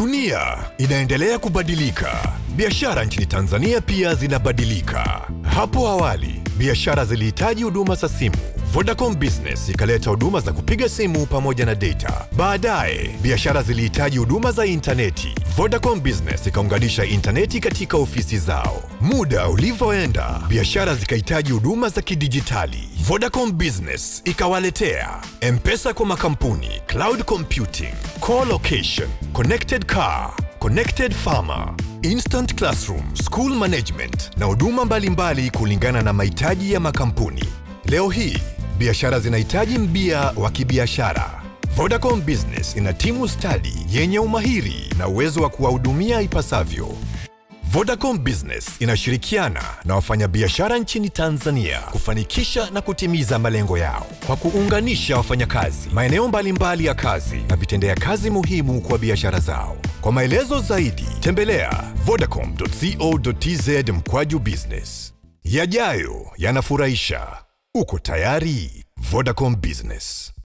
Dunia inaendelea kubadilika, biashara nchini Tanzania pia zinabadilika. Hapo awali biashara zilihitaji huduma za simu. Vodacom Business ikaleta huduma za kupiga simu pamoja na data. Baadaye biashara zilihitaji huduma za intaneti. Vodacom Business ikaunganisha intaneti katika ofisi zao. Muda ulivyoenda, biashara zikahitaji huduma za kidijitali. Vodacom Business ikawaletea M-Pesa kwa makampuni, cloud computing, co-location, connected car, connected farmer Instant Classroom, School Management na huduma mbalimbali kulingana na mahitaji ya makampuni. Leo hii biashara zinahitaji mbia wa kibiashara. Vodacom Business ina timu stadi yenye umahiri na uwezo wa kuwahudumia ipasavyo. Vodacom Business inashirikiana na wafanyabiashara nchini Tanzania kufanikisha na kutimiza malengo yao kwa kuunganisha wafanyakazi maeneo mbalimbali ya kazi na vitendea kazi muhimu kwa biashara zao. Kwa maelezo zaidi tembelea vodacom.co.tz mkwaju business. Yajayo yanafurahisha. Uko tayari? Vodacom Business.